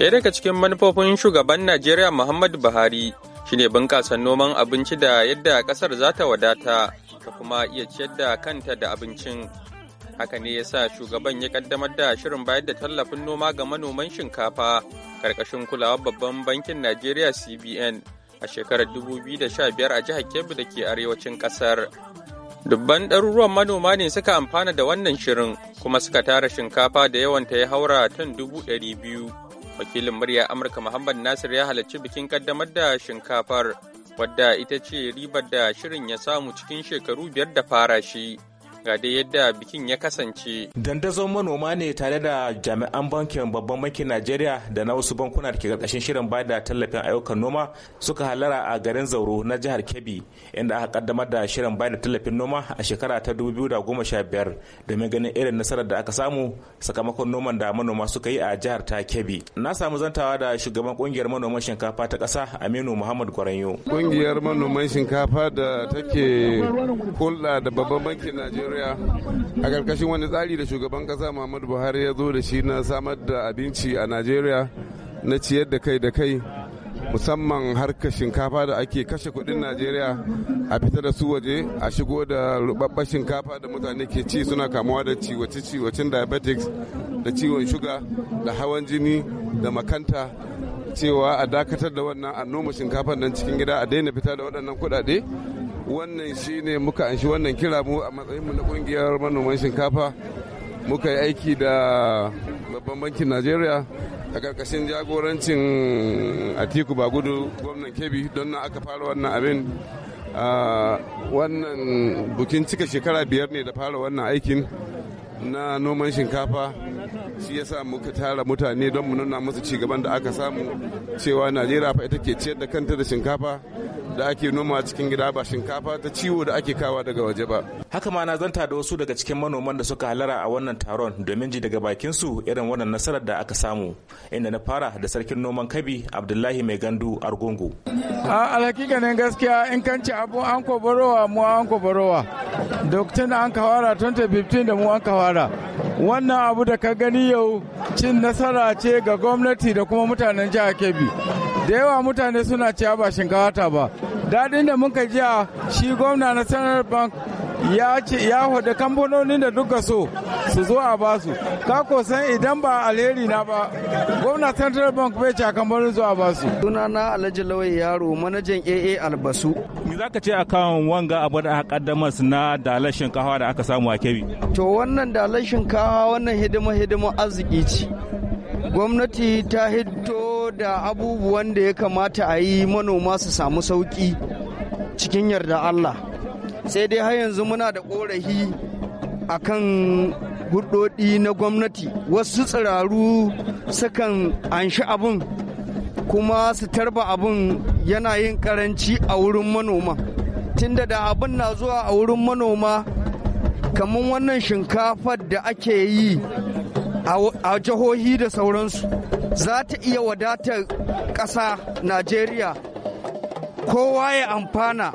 Ɗaya daga cikin manufofin shugaban Najeriya Muhammadu Buhari shine bunƙasa noman abinci da yadda ƙasar za ta wadata ta kuma iya ciyar da kanta da abincin. Haka ne ya sa shugaban ya ƙaddamar da shirin bayar da tallafin noma ga manoman shinkafa ƙarƙashin kulawar babban bankin Najeriya CBN a shekarar da sha biyar a jihar Kebbi da ke arewacin ƙasar. Dubban ɗaruruwan manoma ne suka amfana da wannan shirin kuma suka tara shinkafa da yawan ta ya haura tan dubu ɗari biyu wakilin murya amurka muhammad nasir ya halarci bikin kaddamar da shinkafar wadda ita ce ribar da shirin ya samu cikin shekaru biyar da fara shi ga dai yadda bikin ya kasance. Dandazon manoma ne tare da jami'an bankin babban bankin Najeriya da na wasu bankuna da ke karkashin shirin ba da tallafin ayyukan noma suka halara a garin Zauro na jihar Kebbi inda aka kaddamar da shirin ba da tallafin noma a shekara ta 2015 domin ganin irin nasarar da aka samu sakamakon noman da manoma suka yi a jihar ta Kebbi. Na samu zantawa da shugaban kungiyar manoman shinkafa ta ƙasa Aminu Muhammad Gwaranyo. Kungiyar manoman shinkafa da take hulɗa da babban bankin Najeriya a karkashin wani tsari da shugaban kasa muhammadu buhari ya zo da shi na samar da abinci a najeriya na ciyar da kai da kai musamman harka shinkafa da ake kashe kudin najeriya a fita da su waje a shigo da rubabbar shinkafa da mutane ke ci suna kamuwa da ciwace-ciwacen diabetics da ciwon shuga da hawan jini da makanta cewa a dakatar da wannan a noma shinkafa nan cikin gida a daina fita da waɗannan kuɗaɗe wannan shi ne muka anshi wannan kira mu a matsayin mu na kungiyar manoman shinkafa muka yi aiki da babban bankin najeriya a karkashin jagorancin atiku bagudu gwamnan kebbi don na aka fara wannan abin wannan bukin cika shekara biyar ne da fara wannan aikin na noman shinkafa shi yasa muka tara mutane don mu nuna musu cigaban da aka samu cewa najeriya fa ita ke ciyar da kanta da shinkafa da ake noma cikin gida ba shinkafa ta ciwo da ake kawa daga waje ba. Haka ma na zanta da wasu daga cikin manoman da suka halara a wannan taron domin ji daga bakin su irin wannan nasarar da aka samu inda na fara da sarkin noman kabi Abdullahi Mai Gandu Argungu. A alhakikanin gaskiya in kan ci abu an kobarowa mu an kobarowa. Doktin an kawara 2015 da mu an kawara. wannan abu da ka gani yau cin nasara ce ga gwamnati da kuma mutanen jihar kebbi da yawa mutane suna cewa ba shinkawa ta ba daɗin da muka jiya shi gwamna na sanar bank ya ce ya hudu kamfanonin da duka so su zo a basu kako san idan ba alheri na ba gwamna central bank bai ci a kamfanonin zuwa basu suna na alhaji lawai yaro manajan aa albasu me za ka ce a kan wanga abu da aka kaddamar na dalar shinkawa da aka samu a kebi to wannan dalar shinkawa wannan hidima hidima arziki ce gwamnati ta hito da abubuwan da ya kamata a yi manoma su samu sauki cikin yarda allah sai dai har yanzu muna da korafi kan hudodi na gwamnati wasu tsiraru sukan anshi abun kuma su tarba abun yana yin karanci a wurin manoma tunda da abin na zuwa a wurin manoma kamar wannan shinkafar da ake yi a jihohi da sauransu za ta iya wadatar ƙasa najeriya kowa ya amfana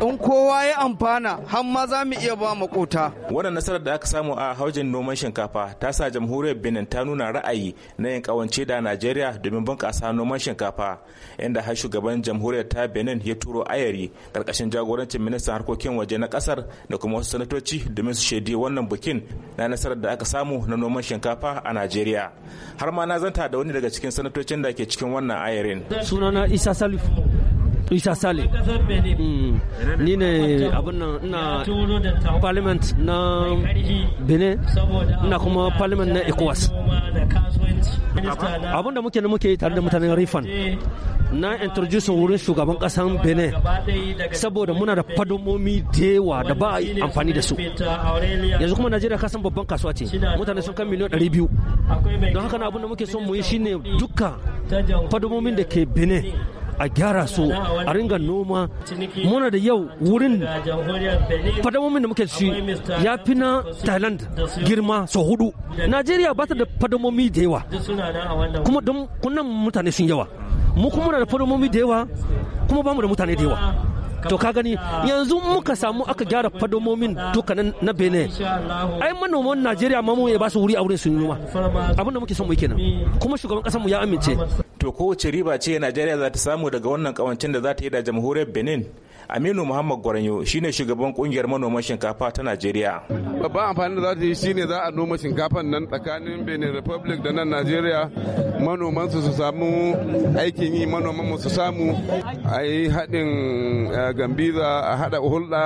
in kowa ya amfana har ma za mu iya ba makota wannan nasarar da aka samu a haujin noman shinkafa ta sa jamhuriyar benin ta nuna ra'ayi na yin kawance da najeriya domin bunƙasa noman shinkafa inda har shugaban jamhuriyar ta benin ya turo ayari karkashin jagorancin ministan harkokin waje na kasar da kuma wasu sanatoci domin su shaidi wannan bukin na nasarar da aka samu na noman shinkafa a najeriya har ma na zanta da wani daga cikin sanatocin da ke cikin wannan ayarin sunana isa salif isa sale mm. ni ne abin nan ina parliament na benin ina kuma parliament na ecowas abin da muke muke tare da mutanen rifan na introduce wurin shugaban kasan benin saboda muna da fadomomi da yawa da ba a amfani da su yanzu kuma najeriya kasan babban kasuwa ce mutane sun kan miliyan 200 don haka na abin da muke son mu yi shine duka fadomomin da ke benin a gyara su a ringa noma muna da yau wurin fadamomin da muke shi ya fi na thailand girma sau hudu nigeria ba ta da fadamomi da yawa kuma don kunan mutane sun yawa mu kuma muna da fadamomi da yawa kuma ba mu da mutane da yawa to ka gani yanzu muka samu aka gyara fadomomin dukkanin na benin ai manoman najeriya ma mu ya ba su wuri a wurin sun noma abinda muke son mu kenan kuma shugaban kasar mu ya amince to kowace riba ce najeriya za ta samu daga wannan kawancin da za ta yi da jamhuriyar benin aminu muhammad gwaranyo shine shugaban kungiyar manoman shinkafa ta najeriya babban amfani da za ta yi shine za a noma shinkafan nan tsakanin benin republic da nan najeriya manoman su su samu aikin yi manoman mu su samu a yi haɗin eh, gambiza a haɗa hulɗa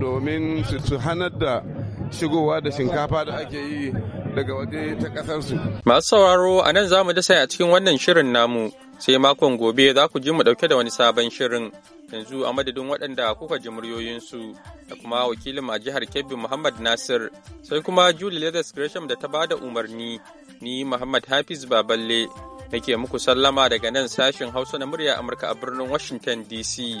domin su hanar da shigowa da shinkafa da ake yi daga waje ta ƙasarsu. Masu sauraro a nan za mu dasa a cikin wannan shirin namu sai makon gobe za ku ji mu ɗauke da wani sabon shirin. Yanzu a madadin waɗanda kuka ji muryoyinsu da kuma wakilin a jihar Kebbi Muhammad Nasir sai kuma Julie Leathers Gresham da ta ba da umarni ni Muhammad Hafiz Baballe nake muku sallama daga nan sashin Hausa na murya Amurka a birnin Washington DC.